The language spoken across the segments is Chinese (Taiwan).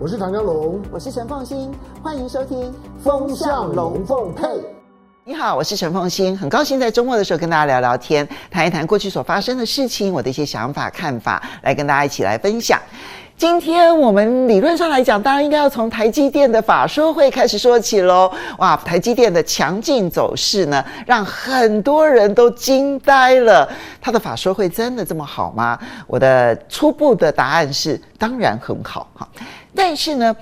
我是唐湘龍，我是陳鳳馨，歡迎收聽《風向龍鳳配》。你好，我是陳鳳馨，很高興在周末的時候跟大家聊聊天，談一談過去所發生的事情，我的一些想法、看法，來跟大家一起來分享。今天我們理論上來講，當然應該要從台積電的法說會開始說起嘍。哇，台積電的強勁走勢呢，讓很多人都驚呆了。它的法說會真的這麼好嗎？我的初步的答案是，當然很好哈。但是呢。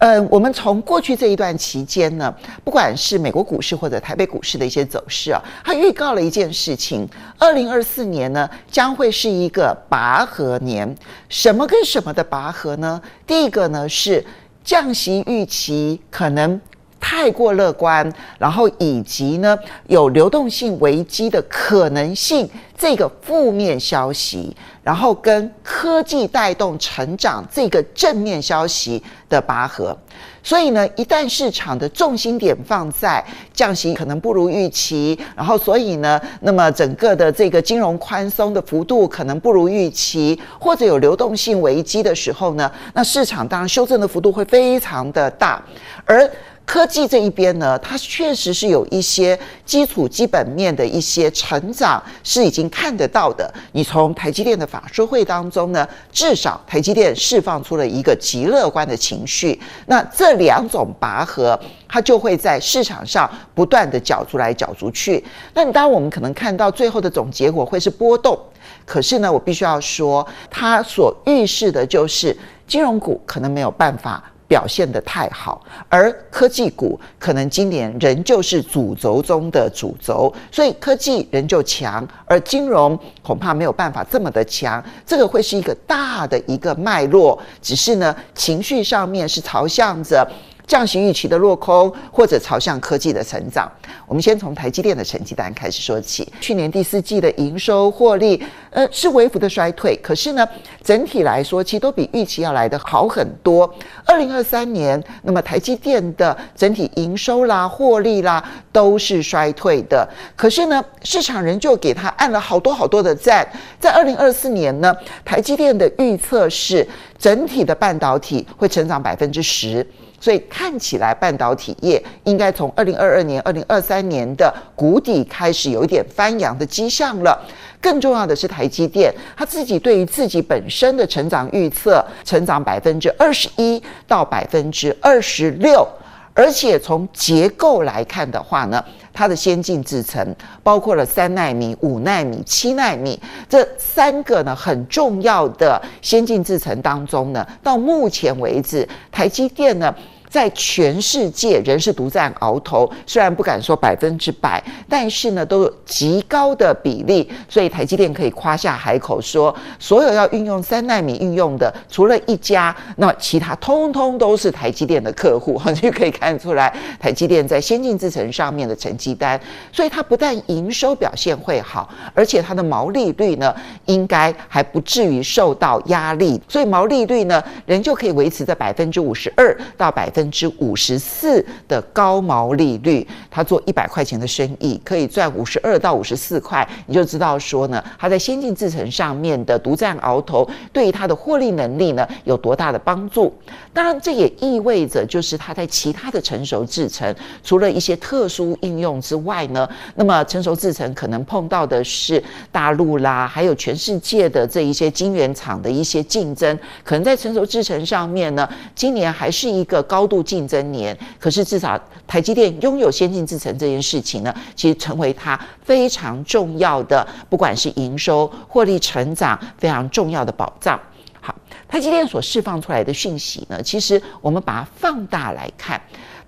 嗯，我們從過去這一段期間呢，不管是美國股市或者台北股市的一些走勢啊，它預告了一件事情：2024年呢，將會是一個拔河年。什麼跟什麼的拔河呢？第一個呢，是降息預期可能太過樂觀，然後以及呢，有流動性危機的可能性，這個負面消息。然後跟科技帶動成長這個正面消息的拔河，所以呢，一旦市場的重心點放在降息可能不如預期，然後所以呢，那麼整個的這個金融寬鬆的幅度可能不如預期，或者有流動性危機的時候呢，那市場當然修正的幅度會非常的大。而。科技這一邊呢，它確實是有一些基礎基本面的一些成長是已經看得到的。你從台積電的法說會當中呢，至少台積電釋放出了一個極樂觀的情緒。那這兩種拔河，它就會在市場上不斷的攪出來、攪出去。那當我們可能看到最後的總結果會是波動，可是呢，我必須要說，它所預示的就是金融股可能沒有辦法。表現得太好，而科技股可能今年仍舊是主軸中的主軸，所以科技仍舊強，而金融恐怕沒有辦法這麼的強，這個會是一個大的一個脈絡，只是呢，情緒上面是朝向着降息預期的落空，或者朝向科技的成長。我們先從台積電的成績單開始說起。去年第四季的營收獲利，呃，是微幅的衰退。可是呢，整體來說，其實都比預期要來得好很多。二零二三年，那麼台積電的整體營收啦、獲利啦，都是衰退的。可是呢，市場仍舊給它按了好多好多的讚。在二零二四年呢，台積電的預測是整體的半導體會成長百分之十。所以看起來半導體業應該從二零二二年、二零二三年的谷底開始有一點翻揚的跡象了。更重要的是，台積電它自己對於自己本身的成長預測，成長百分之二十一到百分之二十六，而且從結構來看的話呢。它的先進製程包括了三奈米、五奈米、七奈米這三個呢，很重要的先進製程當中呢，到目前為止，台積電呢。在全世界仍是獨占鰲頭，雖然不敢說百分之百，但是呢都有極高的比例，所以台積電可以誇下海口說，所有要運用三奈米運用的，除了一家，那其他通通都是台積電的客戶，你就可以看出來台積電在先進製程上面的成績單。所以它不但營收表現會好，而且它的毛利率呢，應該還不至於受到壓力，所以毛利率呢，仍舊可以維持在百分之五十二到百分。百分之五十四的高毛利率，他做一百塊錢的生意可以賺五十二到五十四塊，你就知道說呢，他在先進製程上面的獨佔鰲頭，對於他的獲利能力呢有多大的幫助。當然，這也意味着就是他在其他的成熟製程，除了一些特殊應用之外呢，那麼成熟製程可能碰到的是大陸啦，還有全世界的這一些晶圓廠的一些競爭，可能在成熟製程上面呢，今年還是一個高。度競爭年，可是至少台積電擁有先進製程這件事情呢，其實成為它非常重要的，不管是營收、獲利成長非常重要的保障。好，台積電所釋放出來的訊息呢，其實我們把它放大來看。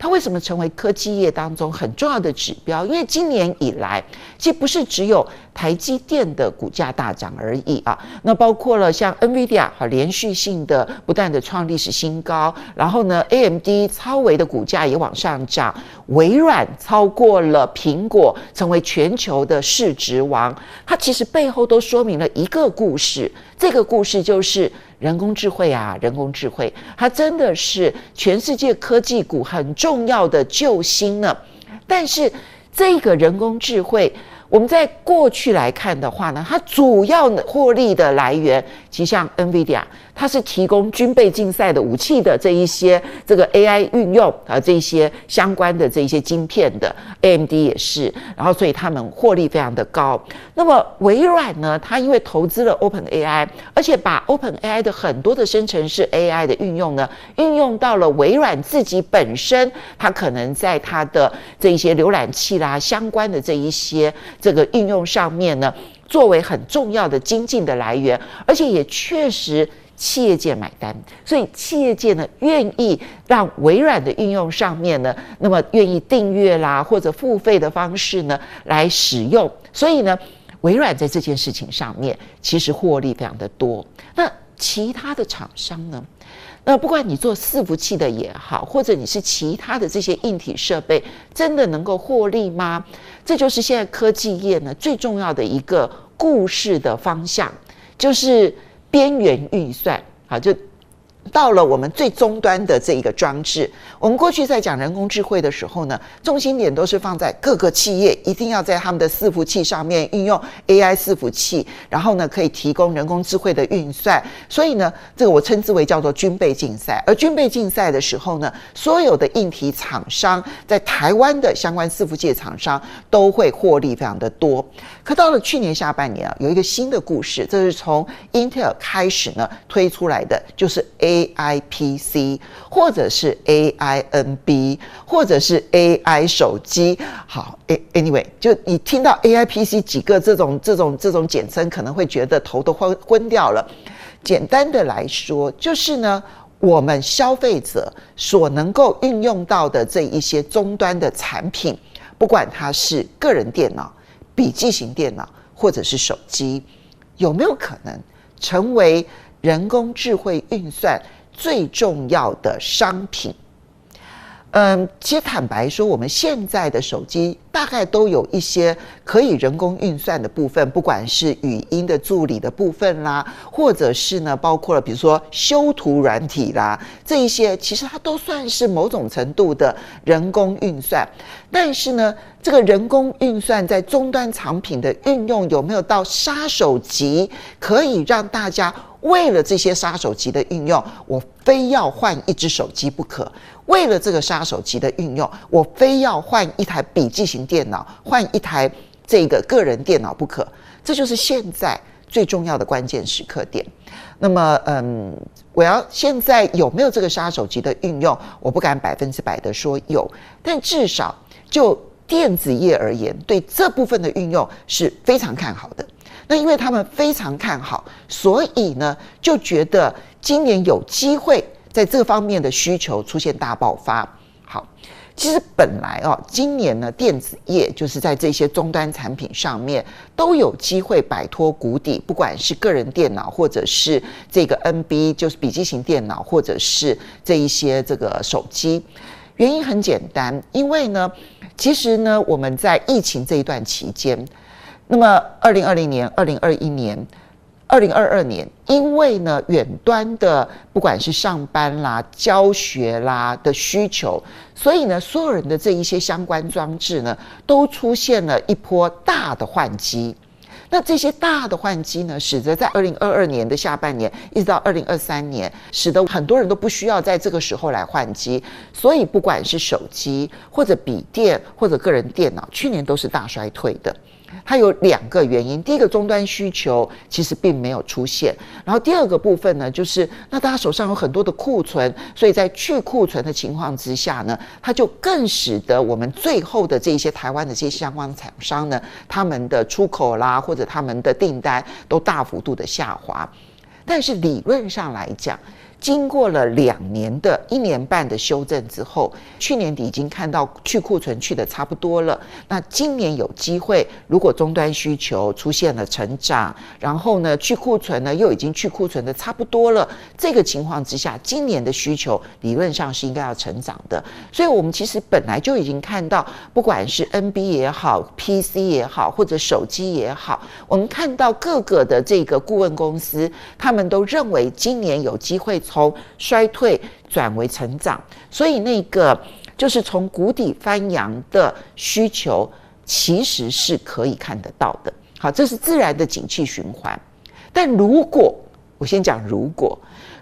它為什麼成為科技業當中很重要的指標？因為今年以來，其實不是只有台積電的股價大漲而已啊。那包括了像 NVIDIA 哈，連續性的不斷的創歷史新高，然後呢，AMD 超微的股價也往上漲，微軟超過了蘋果，成為全球的市值王。它其實背後都說明了一個故事，這個故事就是。人工智慧啊，人工智慧，它真的是全世界科技股很重要的救星呢。但是，這個人工智慧，我們在過去來看的話呢，它主要獲利的來源。其實像 NVIDIA，它是提供軍備競賽的武器的這一些這個 AI 運用啊，這一些相關的這一些晶片的 AMD 也是，然後所以他們獲利非常的高。那麼微軟呢，它因為投資了 OpenAI，而且把 OpenAI 的很多的生成式 AI 的運用呢，運用到了微軟自己本身，它可能在它的這一些瀏覽器啦，相關的這一些這個應用上面呢。作為很重要的經濟的來源，而且也確實企業界買單，所以企業界呢願意讓微軟的應用上面呢，那麼願意訂閱啦或者付費的方式呢來使用，所以呢，微軟在這件事情上面其實獲利非常的多。那其他的廠商呢？那不管你做伺服器的也好，或者你是其他的這些硬體設備，真的能夠獲利嗎？這就是現在科技業呢最重要的一個故事的方向，就是邊緣運算，好就。到了我們最終端的這一個裝置，我們過去在講人工智慧的時候呢，重心點都是放在各個企業，一定要在他們的伺服器上面運用 AI 伺服器，然後呢可以提供人工智慧的運算。所以呢，這個我稱之為叫做軍備競賽。而軍備競賽的時候呢，所有的硬體廠商在台灣的相關伺服器廠商都會獲利非常的多。可到了去年下半年啊，有一個新的故事，這是從英特爾開始呢推出來的，就是 AI。A I P C，或者是 A I N B，或者是 A I 手機。好，anyway，就你聽到 A I P C 幾個這種這種這種簡稱，可能會覺得頭都昏昏掉了。簡單的來說，就是呢，我們消費者所能夠運用到的這一些終端的產品，不管它是個人電腦、筆記型電腦，或者是手機，有沒有可能成為？人工智慧運算最重要的商品，嗯，其實坦白說，我們現在的手機大概都有一些可以人工運算的部分，不管是語音的助理的部分啦，或者是呢，包括了比如說修圖軟體啦，這一些其實它都算是某種程度的人工運算。但是呢，這個人工運算在終端產品的運用有沒有到殺手級，可以讓大家？為了這些殺手級的運用，我非要換一隻手機不可。為了這個殺手級的運用，我非要換一台筆記型電腦，換一台這個個人電腦不可。這就是現在最重要的關鍵時刻點。那麼，嗯，我要，現在有沒有這個殺手級的運用，我不敢百分之百的說有，但至少就電子業而言，對這部分的運用是非常看好的。那因為他們非常看好，所以呢就覺得今年有機會在這方面的需求出現大爆發。好，其實本來哦，今年呢電子業就是在這些終端產品上面都有機會擺脫谷底，不管是個人電腦，或者是這個 NB，就是筆記型電腦，或者是這一些這個手機。原因很簡單，因為呢，其實呢我們在疫情這一段期間。那麼，二零二零年、二零二一年、二零二二年，因為呢遠端的不管是上班啦、教學啦的需求，所以呢，所有人的這一些相關裝置呢，都出現了一波大的換機。那這些大的換機呢，使得在二零二二年的下半年，一直到二零二三年，使得很多人都不需要在這個時候來換機。所以，不管是手機或者筆電或者個人電腦，去年都是大衰退的。它有兩個原因，第一個終端需求其實並沒有出現，然後第二個部分呢，就是那大家手上有很多的庫存，所以在去庫存的情況之下呢，它就更使得我們最後的這些台灣的這些相關廠商呢，他們的出口啦或者他們的訂單都大幅度的下滑，但是理論上來講，經過了兩年的一年半的修正之後，去年底已經看到去庫存去的差不多了。那今年有機會，如果終端需求出現了成長，然後呢，去庫存呢又已經去庫存的差不多了，這個情況之下，今年的需求理論上是應該要成長的。所以，我們其實本來就已經看到，不管是 NB 也好，PC 也好，或者手機也好，我們看到各個的這個顧問公司，他們都認為今年有機會。從衰退轉為成長，所以那個就是從谷底翻揚的需求，其實是可以看得到的。好，這是自然的景氣循環。但如果我先講如果，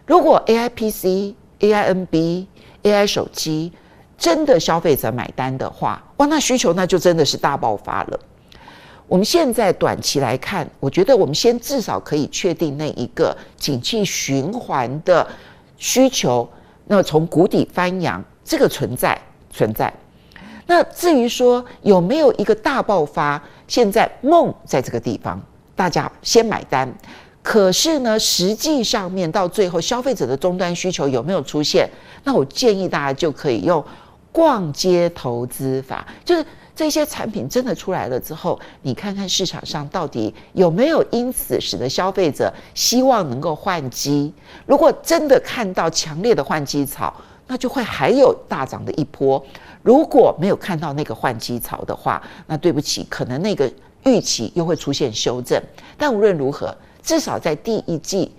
如果如果 AI PC、AI NB、AI 手機真的消費者買單的話，哇，那需求那就真的是大爆發了。我們現在短期來看，我覺得我們先至少可以確定那一個景氣循環的需求，那麼從谷底翻揚這個存在存在。那至於說有沒有一個大爆發，現在夢在這個地方，大家先買單。可是呢，實際上面到最後消費者的終端需求有沒有出現？那我建議大家就可以用逛街投資法，就是。這些產品真的出來了之後，你看看市場上到底有沒有因此使得消費者希望能夠換機？如果真的看到強烈的換機潮，那就會還有大漲的一波；如果沒有看到那個換機潮的話，那對不起，可能那個預期又會出現修正。但無論如何，至少在第一季。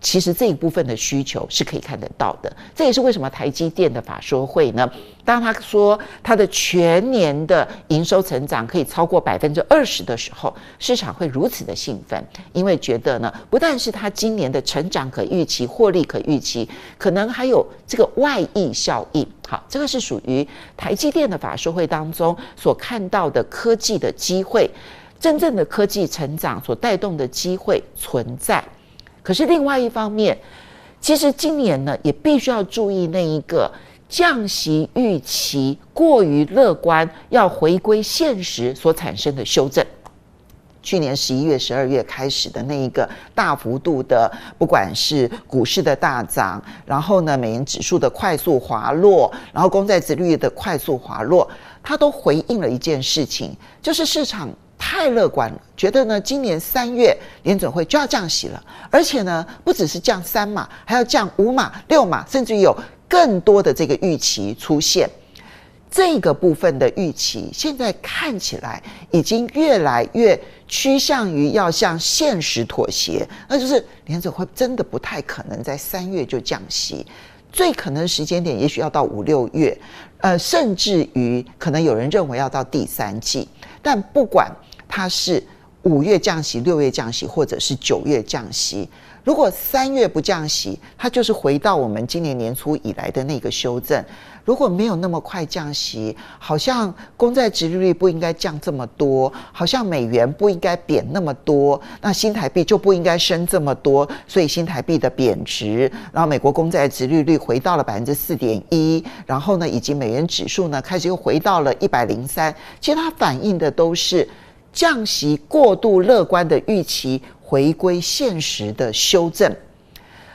其實這一部分的需求是可以看得到的，這也是為什麼台積電的法說會呢，當他說他的全年的營收成長可以超過百分之二十的時候，市場會如此的興奮，因為覺得呢，不但是他今年的成長可預期，獲利可預期，可能還有這個外溢效應。好，這個是屬於台積電的法說會當中所看到的科技的機會，真正的科技成長所帶動的機會存在。可是另外一方面，其實今年呢也必須要注意那一個降息預期過於樂觀，要回歸現實所產生的修正。去年十一月、十二月開始的那一個大幅度的，不管是股市的大漲，然後呢美元指數的快速滑落，然後公債殖利率的快速滑落，它都回應了一件事情，就是市場。太樂觀了，覺得呢，今年三月聯準會就要降息了，而且呢，不只是降三碼，還要降五碼、六碼，甚至於有更多的這個預期出現。這個部分的預期，現在看起來已經越來越趨向於要向現實妥協，那就是聯準會真的不太可能在三月就降息，最可能的時間點也許要到五六月，呃，甚至於可能有人認為要到第三季，但不管。它是五月降息、六月降息，或者是九月降息。如果三月不降息，它就是回到我們今年年初以來的那個修正。如果沒有那麼快降息，好像公債殖利率不應該降這麼多，好像美元不應該貶那麼多，那新台幣就不應該升這麼多。所以新台幣的貶值，然後美國公債殖利率回到了百分之四點一，然後呢，以及美元指數呢，開始又回到了一百零三。其實它反映的都是。降息過度樂觀的預期回歸現實的修正，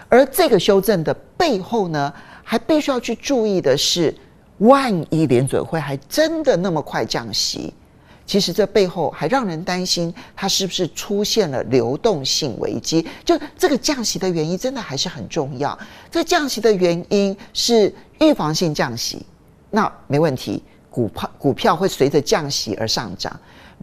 而這個修正的背後呢，還必須要去注意的是，萬一聯準會還真的那麼快降息，其實這背後還讓人擔心它是不是出現了流動性危機。就這個降息的原因，真的還是很重要。這降息的原因是預防性降息，那沒問題，股票股票會隨着降息而上漲。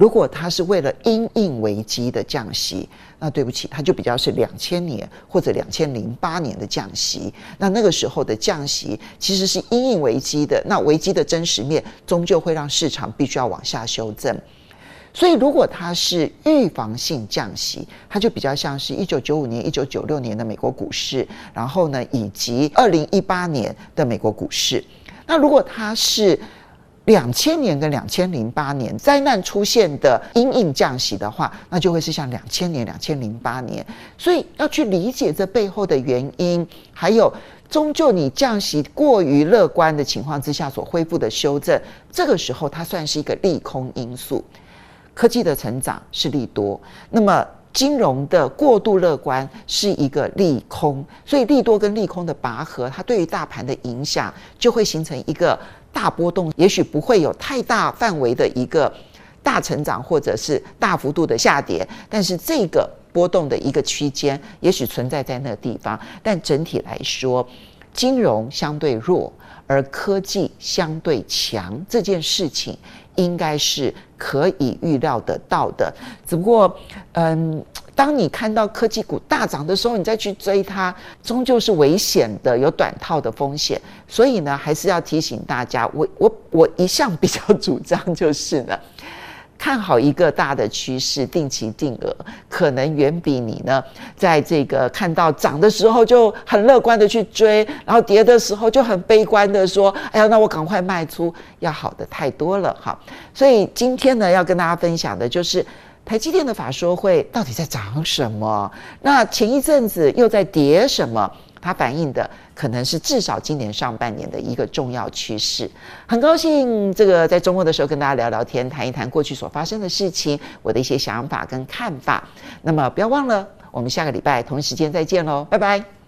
如果它是為了因應危機的降息，那對不起，它就比較是兩千年或者兩千零八年的降息。那那個時候的降息其實是因應危機的，那危機的真實面終究會讓市場必須要往下修正。所以，如果它是預防性降息，它就比較像是一九九五年、一九九六年的美國股市，然後呢，以及二零一八年的美國股市。那如果它是兩千年跟兩千零八年災難出現的陰影降息的話，那就會是像兩千年、兩千零八年，所以要去理解這背後的原因，還有終究你降息過於樂觀的情況之下所恢復的修正，這個時候它算是一個利空因素。科技的成長是利多，那麼金融的過度樂觀是一個利空，所以利多跟利空的拔河，它對於大盤的影響就會形成一個。大波動也許不會有太大範圍的一個大成長，或者是大幅度的下跌，但是這個波動的一個區間也許存在在那個地方。但整體來說，金融相對弱，而科技相對強，這件事情應該是可以預料得到的。只不過，嗯。當你看到科技股大漲的時候，你再去追它，終究是危險的，有短套的風險。所以呢，還是要提醒大家，我我我一向比較主張就是呢，看好一個大的趨勢，定期定額，可能遠比你呢在這個看到漲的時候就很樂觀的去追，然後跌的時候就很悲觀的說：“哎呀，那我趕快賣出，要好的太多了。”哈，所以今天呢，要跟大家分享的就是。台積電的法說會到底在漲什麼？那前一陣子又在跌什麼？它反映的可能是至少今年上半年的一個重要趨勢。很高興這個在周末的時候跟大家聊聊天，談一談過去所發生的事情，我的一些想法跟看法。那麼不要忘了，我們下個禮拜同一時間再見嘍，拜拜。